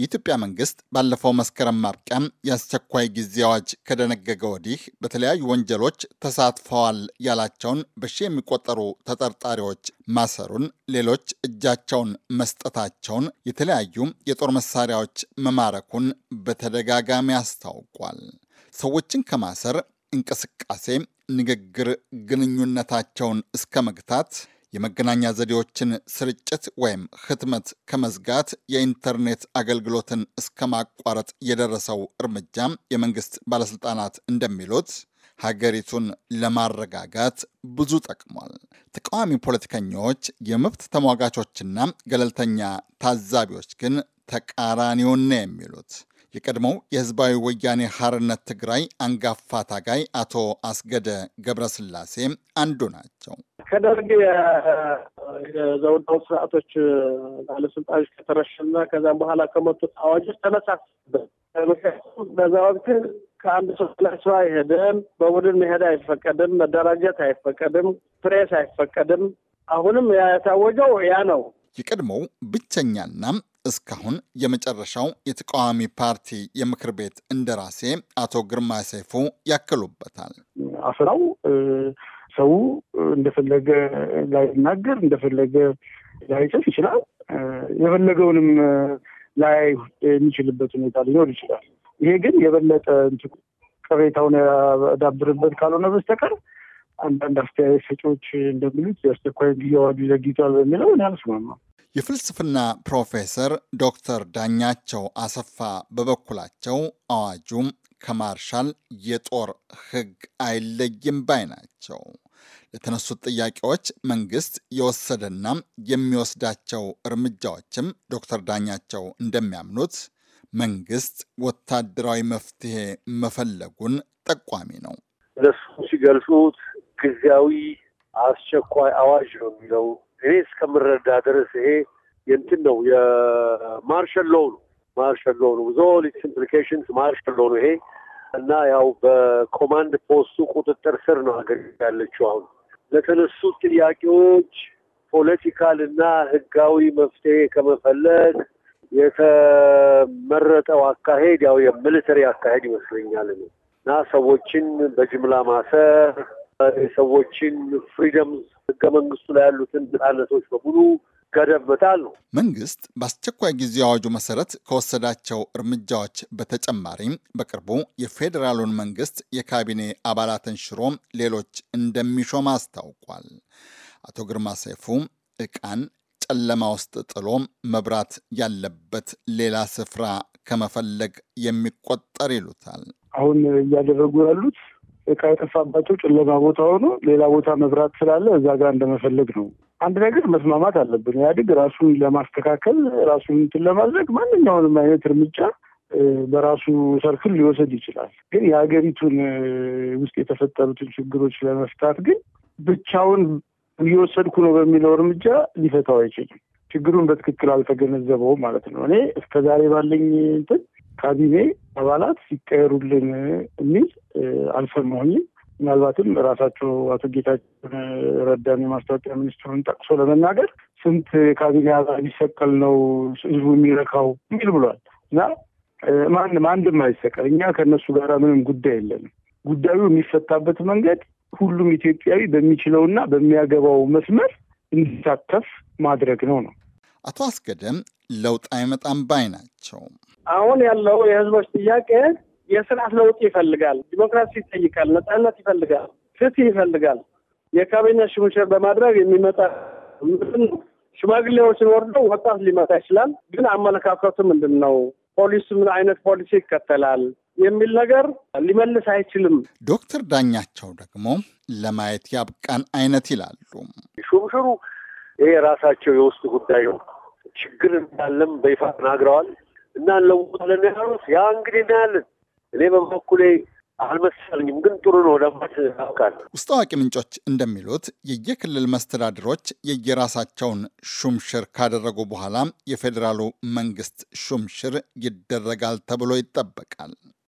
የኢትዮጵያ መንግስት ባለፈው መስከረም ማብቂያም የአስቸኳይ ጊዜ አዋጅ ከደነገገ ወዲህ በተለያዩ ወንጀሎች ተሳትፈዋል ያላቸውን በሺ የሚቆጠሩ ተጠርጣሪዎች ማሰሩን፣ ሌሎች እጃቸውን መስጠታቸውን፣ የተለያዩ የጦር መሳሪያዎች መማረኩን በተደጋጋሚ አስታውቋል። ሰዎችን ከማሰር እንቅስቃሴ፣ ንግግር፣ ግንኙነታቸውን እስከ መግታት የመገናኛ ዘዴዎችን ስርጭት ወይም ህትመት ከመዝጋት የኢንተርኔት አገልግሎትን እስከ ማቋረጥ የደረሰው እርምጃም የመንግስት ባለስልጣናት እንደሚሉት ሀገሪቱን ለማረጋጋት ብዙ ጠቅሟል። ተቃዋሚ ፖለቲከኞች፣ የመብት ተሟጋቾችና ገለልተኛ ታዛቢዎች ግን ተቃራኒውን ነው የሚሉት። የቀድሞው የህዝባዊ ወያኔ ሐርነት ትግራይ አንጋፋ ታጋይ አቶ አስገደ ገብረስላሴ አንዱ ናቸው። ከደርግ የዘውዳው ስርዓቶች ባለስልጣኖች ከተረሸና ከዛም በኋላ ከመጡት አዋጆች ተነሳበት። ምክንያቱም በዛ ወቅት ከአንድ ሰው ላይ ሰው አይሄድም፣ በቡድን መሄድ አይፈቀድም፣ መደራጀት አይፈቀድም፣ ፕሬስ አይፈቀድም። አሁንም ያታወጀው ያ ነው። የቀድሞው ብቸኛና እስካሁን የመጨረሻው የተቃዋሚ ፓርቲ የምክር ቤት እንደራሴ አቶ ግርማ ሰይፉ ያክሉበታል። አስራው ሰው እንደፈለገ ላይናገር እንደፈለገ ላይጽፍ ይችላል። የፈለገውንም ላይ የሚችልበት ሁኔታ ሊኖር ይችላል። ይሄ ግን የበለጠ ቅሬታውን ያዳብርበት ካልሆነ በስተቀር አንዳንድ አስተያየት ሰጪዎች እንደሚሉት የአስቸኳይ ጊዜ አዋጁ ዘግይቷል በሚለው እኔ አልስማማም። የፍልስፍና ፕሮፌሰር ዶክተር ዳኛቸው አሰፋ በበኩላቸው አዋጁም ከማርሻል የጦር ሕግ አይለይም ባይ ናቸው። ለተነሱት ጥያቄዎች መንግስት የወሰደና የሚወስዳቸው እርምጃዎችም ዶክተር ዳኛቸው እንደሚያምኑት መንግስት ወታደራዊ መፍትሄ መፈለጉን ጠቋሚ ነው። እነሱ ሲገልጹት ጊዜያዊ አስቸኳይ አዋጅ ነው የሚለው እኔ እስከምረዳ ድረስ ይሄ የእንትን ነው የማርሻል ሎው ነው። ማርሻል ሎው ነው ዞል ኢምፕሊኬሽንስ ማርሻል ሎው ነው ይሄ እና ያው በኮማንድ ፖስቱ ቁጥጥር ስር ነው ሀገር ያለችው። አሁን ለተነሱት ጥያቄዎች ፖለቲካል እና ህጋዊ መፍትሄ ከመፈለግ የተመረጠው አካሄድ ያው የሚሊተሪ አካሄድ ይመስለኛል እና ሰዎችን በጅምላ ማሰር የሰዎችን ፍሪደም ህገ መንግስቱ ላይ ያሉትን ነጻነቶች በሙሉ ገደብታል ነው። መንግስት በአስቸኳይ ጊዜ አዋጁ መሰረት ከወሰዳቸው እርምጃዎች በተጨማሪም በቅርቡ የፌዴራሉን መንግስት የካቢኔ አባላትን ሽሮ ሌሎች እንደሚሾም አስታውቋል። አቶ ግርማ ሰይፉ እቃን ጨለማ ውስጥ ጥሎ መብራት ያለበት ሌላ ስፍራ ከመፈለግ የሚቆጠር ይሉታል። አሁን እያደረጉ ያሉት እቃ የጠፋባቸው ጨለማ ቦታ ሆኖ ሌላ ቦታ መብራት ስላለ እዛ ጋር እንደመፈለግ ነው። አንድ ነገር መስማማት አለብን። ኢህአዴግ ራሱን ለማስተካከል ራሱን እንትን ለማድረግ ማንኛውንም አይነት እርምጃ በራሱ ሰርክል ሊወሰድ ይችላል። ግን የሀገሪቱን ውስጥ የተፈጠሩትን ችግሮች ለመፍታት ግን ብቻውን እየወሰድኩ ነው በሚለው እርምጃ ሊፈታው አይችልም። ችግሩን በትክክል አልተገነዘበውም ማለት ነው። እኔ እስከዛሬ ባለኝ እንትን ካቢኔ አባላት ሲቀየሩልን የሚል አልሰማሁኝም። ምናልባትም ራሳቸው አቶ ጌታቸውን ረዳን የማስታወቂያ ሚኒስትሩን ጠቅሶ ለመናገር ስንት ካቢኔ አባል ሊሰቀል ነው ህዝቡ የሚረካው የሚል ብሏል እና ማንም አንድም አይሰቀል። እኛ ከእነሱ ጋር ምንም ጉዳይ የለንም። ጉዳዩ የሚፈታበት መንገድ ሁሉም ኢትዮጵያዊ በሚችለውና በሚያገባው መስመር እንዲሳተፍ ማድረግ ነው ነው። አቶ አስገደም ለውጥ አይመጣም ባይ ናቸው። አሁን ያለው የህዝቦች ጥያቄ የስርዓት ለውጥ ይፈልጋል፣ ዲሞክራሲ ይጠይቃል፣ ነጻነት ይፈልጋል፣ ፍትህ ይፈልጋል። የካቢኔት ሽሙሽር በማድረግ የሚመጣ ሽማግሌዎችን ወርዶ ወጣት ሊመጣ ይችላል። ግን አመለካከቱ ምንድን ነው? ፖሊስ ምን አይነት ፖሊሲ ይከተላል የሚል ነገር ሊመልስ አይችልም። ዶክተር ዳኛቸው ደግሞ ለማየት ያብቃን አይነት ይላሉ። ሹምሽሩ ይሄ የራሳቸው የውስጥ ጉዳይ ነው። ችግር እንዳለም በይፋ ተናግረዋል። እና እናለውጣለን ያሉት ያ እንግዲህ እናያለን። እኔ በበኩሌ አልመሰለኝም ግን ጥሩ ነው ለማት አውቃል። ውስጥ አዋቂ ምንጮች እንደሚሉት የየክልል መስተዳድሮች የየራሳቸውን ሹምሽር ካደረጉ በኋላ የፌዴራሉ መንግስት ሹምሽር ይደረጋል ተብሎ ይጠበቃል።